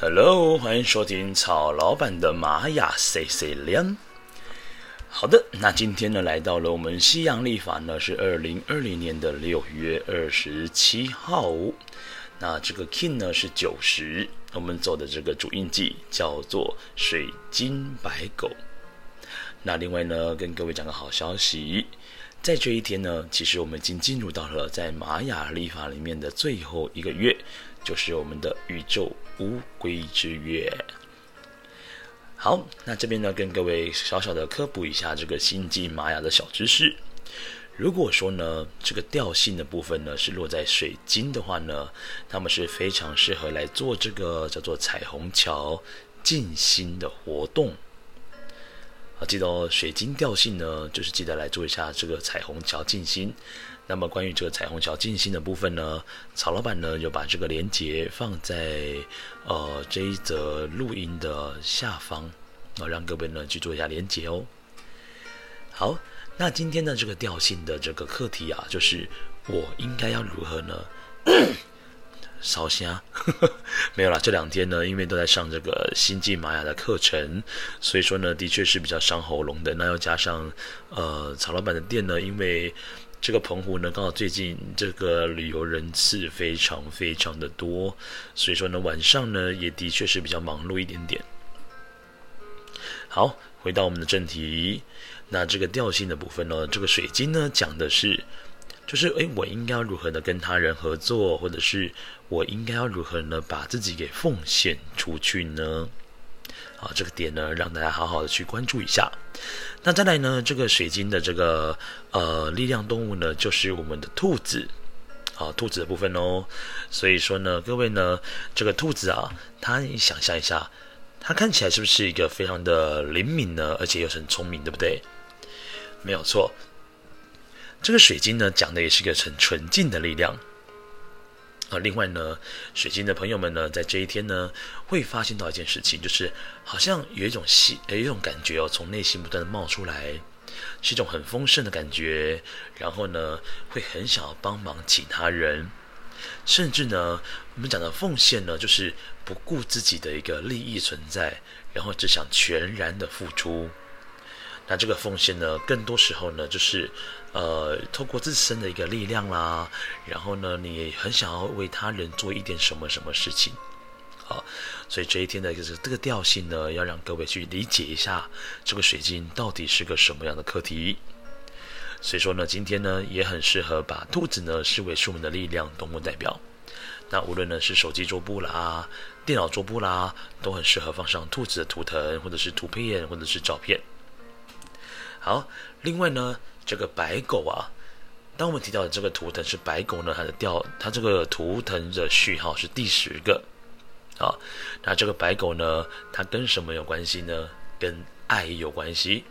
Hello，歡迎收聽草老闆的瑪雅碎碎念。好的，那今天呢，來到了我們西洋曆法呢是二零二零年的六月二十七號。那這個 kin 呢是九十，我們走的這個主印記叫做水晶白狗。那另外呢，跟各位講個好消息，在這一天呢，其實我們已經進入到了在瑪雅曆法裡面的最後一個月。就是我們的宇宙烏龜之月。好，那這邊呢，跟各位小小的科普一下這個星際瑪雅的小知識。如果說呢，這個調性的部分呢是落在水晶的話呢，他們是非常適合來做這個叫做彩虹橋靜心的活動。啊，記得、哦、水晶調性呢，就是記得來做一下這個彩虹橋靜心。那麼關於這個彩虹橋靜心的部分呢，曹老闆呢就把這個連接放在呃這一則錄音的下方，啊，讓各位呢去做一下連接哦。好，那今天的這個調性的這個課題啊，就是我應該要如何呢燒香？ 稍 沒有啦，這兩天呢，因為都在上這個星際瑪雅的課程，所以說呢，的確是比較傷喉嚨的。那又加上，呃，曹老板的店呢，因為這個澎湖呢，剛好最近這個旅遊人次非常非常的多，所以說呢，晚上呢也的確是比較忙碌一點點。好，回到我們的正題，那這個調性的部分呢，這個水晶呢，講的是。就是誒，我應該要如何呢，跟他人合作，或者是我應該要如何呢，把自己給奉獻出去呢？啊，這個點呢，讓大家好好的去關注一下。那再來呢，這個水晶的這個呃力量動物呢，就是我們的兔子。好，兔子的部分哦。所以說呢，各位呢，這個兔子啊，它你想象一下，它看起來是不是一個非常的靈敏呢，而且又很聰明，對不對？沒有錯。這個水晶呢，講的也是一個很純淨的力量啊。另外呢，水晶的朋友們呢，在這一天呢，會發現到一件事情，就是好像有一種希，有一種感覺哦，從內心不斷的冒出來，是一種很豐盛的感覺。然後呢，會很想要幫忙其他人，甚至呢，我們講的奉獻呢，就是不顧自己的一個利益存在，然後只想全然的付出。那這個奉獻呢，更多時候呢，就是。呃，透過自身的一個力量啦，然後呢，你很想要為他人做一點什麼什麼事情，好，所以這一天呢，這個，就是這個調性呢，要讓各位去理解一下這個水晶到底是個什麼樣的課題。所以說呢，今天呢，也很適合把兔子呢視為出門的力量動物代表。那無論呢是手機桌布啦、電腦桌布啦，都很適合放上兔子的圖騰或者是圖片或者是照片。好，另外呢。這個白狗啊，當我們提到的這個圖騰是白狗呢，它的調它這個圖騰的序號是第十個，啊，那這個白狗呢，它跟什麼有關係呢？跟愛有關係。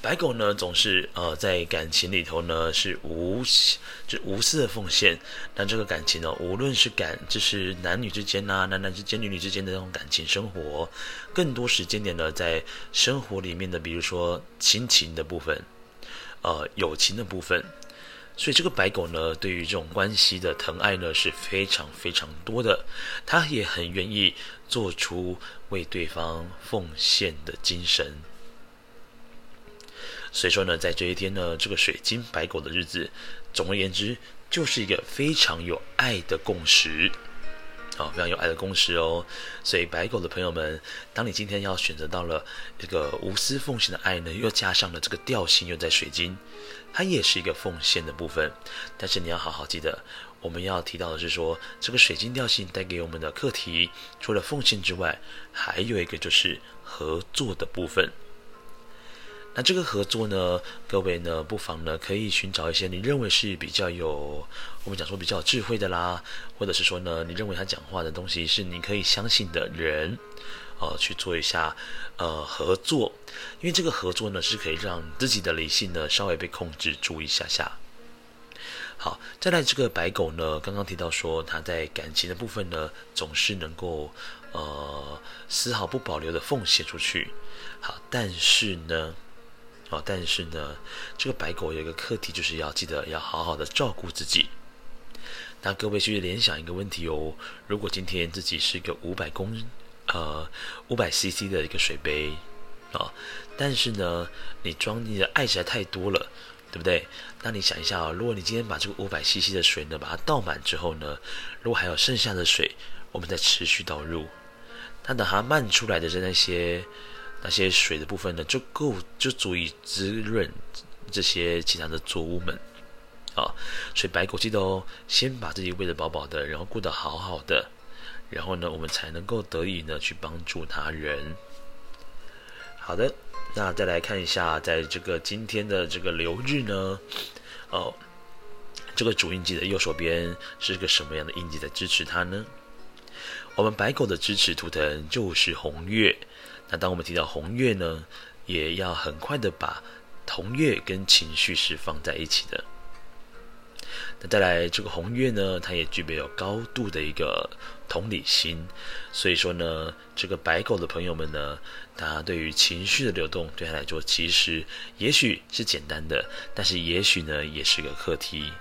白狗呢，總是呃，在感情裡頭呢是無就無私的奉獻。但這個感情呢，無論是感，就是男女之間吶、啊，男男之間、女女之間的這種感情生活，更多時間點呢，在生活裡面的，比如說親情的部分，呃，友情的部分。所以這個白狗呢，對於這種關係的疼愛呢，是非常非常多的。他也很願意做出為對方奉獻的精神。所以說呢，在這一天呢，這個水晶白狗的日子，總而言之，就是一個非常有愛的共識，好、哦、非常有愛的共識哦。所以白狗的朋友們，當你今天要選擇到了這個無私奉獻的愛呢，又加上了這個調性，又在水晶，它也是一個奉獻的部分。但是你要好好記得，我們要提到的是說，這個水晶調性帶給我們的課題，除了奉獻之外，還有一個就是合作的部分。那這個合作呢，各位呢，不妨呢可以尋找一些你認為是比較有，我們講說比較有智慧的啦，或者是說呢，你認為他講話的東西是你可以相信的人，啊，去做一下，呃，合作，因為這個合作呢是可以讓自己的理性呢稍微被控制住一下下。好，再來這個白狗呢，剛剛提到說他在感情的部分呢總是能夠，呃，絲毫不保留的奉獻出去。好，但是呢。哦、但是呢，這個白狗有一個課題，就是要記得要好好的照顧自己。那各位去聯想一個問題哦，如果今天自己是一個五百公，呃，五百 CC 的一個水杯，啊、哦，但是呢，你裝你的愛實在太多了，對不對？那你想一下哦，如果你今天把這個五百 CC 的水呢，把它倒滿之後呢，如果還有剩下的水，我們再持續倒入，那等它漫出來的在那些。那些水的部分呢，就夠就足以滋潤這些其他的作物們啊。所以白狗記得哦，先把自己餵得飽飽的，然後過得好好的，然後呢，我們才能夠得以呢去幫助他人。好的，那再來看一下，在這個今天的這個流日呢，哦，這個主印記的右手邊是個什麼樣的印記在支持它呢？我們白狗的支持圖騰就是紅月。那當我們提到紅月呢，也要很快的把紅月跟情緒是放在一起的。那再來，這個紅月呢，它也具備有高度的一個同理心，所以說呢，這個白狗的朋友們呢，它對於情緒的流動，對他來說其實也許是簡單的，但是也許呢，也是個課題。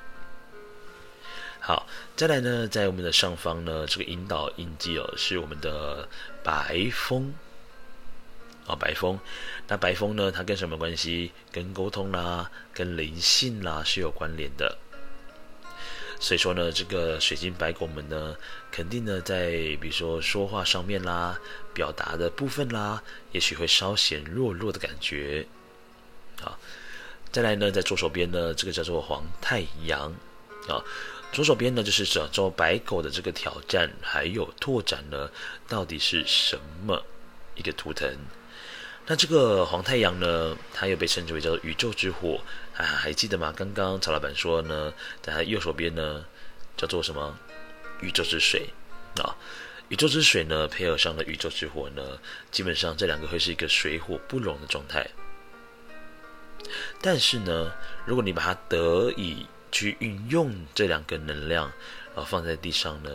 好，再來呢，在我們的上方呢，這個引導印記哦，是我們的白風。啊，白風，那白風呢？它跟什麼關係？跟溝通啦，跟靈性啦是有關聯的。所以說呢，這個水晶白狗們呢，肯定呢在比如說說話上面啦，表達的部分啦，也許會稍顯弱弱的感覺。啊，再來呢，在左手邊呢，這個叫做黃太陽。啊，左手邊呢就是說，白狗的這個挑戰還有拓展呢，到底是什麼一個圖騰？那這個黃太陽呢，它又被稱之為叫做宇宙之火啊，還記得嗎？剛剛曹老板說呢，在他右手邊呢，叫做什麼？宇宙之水啊，宇宙之水呢，配合上了宇宙之火呢，基本上這兩個會是一個水火不容的狀態。但是呢，如果你把它得以去運用這兩個能量，然後，啊，放在地上呢？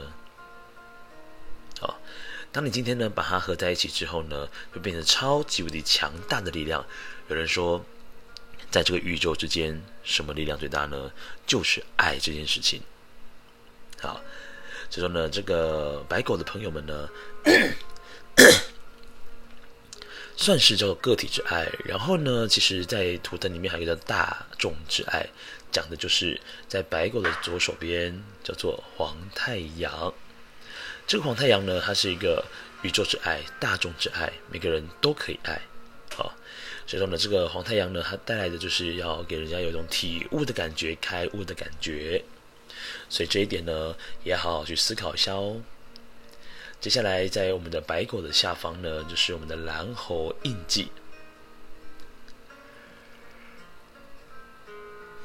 當你今天呢，把它合在一起之後呢，會變成超級無敵強大的力量。有人說，在這個宇宙之間，什麼力量最大呢？就是愛這件事情。好，所以說呢，這個白狗的朋友們呢， 算是叫做個體之愛。然後呢，其實，在圖騰裡面還有一個叫大眾之愛，講的就是在白狗的左手邊叫做黃太陽。這個黃太陽呢，它是一個宇宙之愛、大眾之愛，每個人都可以愛，好。所以說呢，這個黃太陽呢，它帶來的就是要給人家有一種體悟的感覺、開悟的感覺。所以這一點呢，也好好去思考一下哦。接下來，在我們的白狗的下方呢，就是我們的藍猴印記。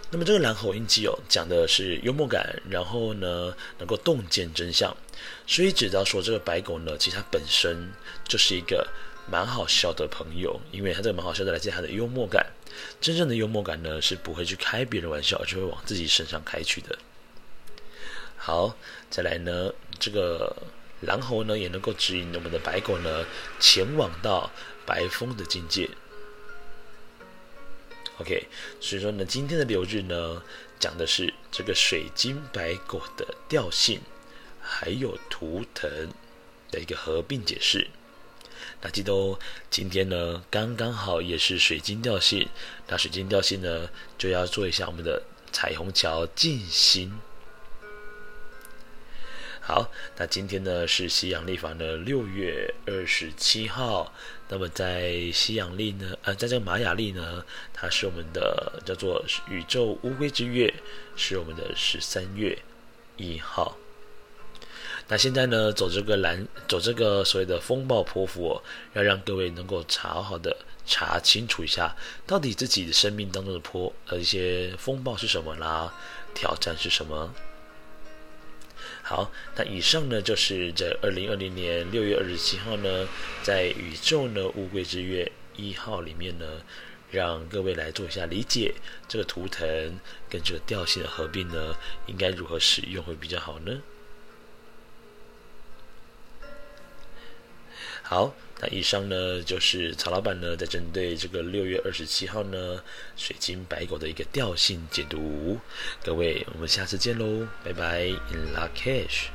那麼這個藍猴印記哦，講的是幽默感，然後呢，能夠洞見真相。所以，只要說這個白狗呢，其實它本身就是一個蠻好笑的朋友，因為它這個蠻好笑的，來自於它的幽默感。真正的幽默感呢，是不會去開別人玩笑，而是會往自己身上開去的。好，再來呢，這個藍猴呢，也能夠指引我們的白狗呢，前往到白風的境界。OK，所以說呢，今天的流日呢，講的是這個水晶白狗的調性。還有圖騰的一個合併解釋，那記得哦。今天呢，剛剛好也是水晶調性，那水晶調性呢，就要做一下我們的彩虹橋靜心。好，那今天呢，是西洋曆法的六月二十七號。那麼在西洋曆呢，呃、啊，在這個瑪雅曆呢，它是我們的叫做宇宙烏龜之月，是我們的十三月一號。那現在呢，走這個藍，走這個所謂的風暴波符，要讓各位能夠好好的查清楚一下，到底自己的生命當中的波呃、啊，一些風暴是什麼啦，挑戰是什麼。好，那以上呢，就是在二零二零年六月二十七號呢，在宇宙呢烏龜之月一號裡面呢，讓各位來做一下理解，這個圖騰跟這個調性的合併呢，應該如何使用會比較好呢？好，那以上呢，就是曹老板呢在針對這個六月二十七號呢，水晶白狗的一個調性解讀。各位，我們下次見嘍，拜拜，In lak'ech。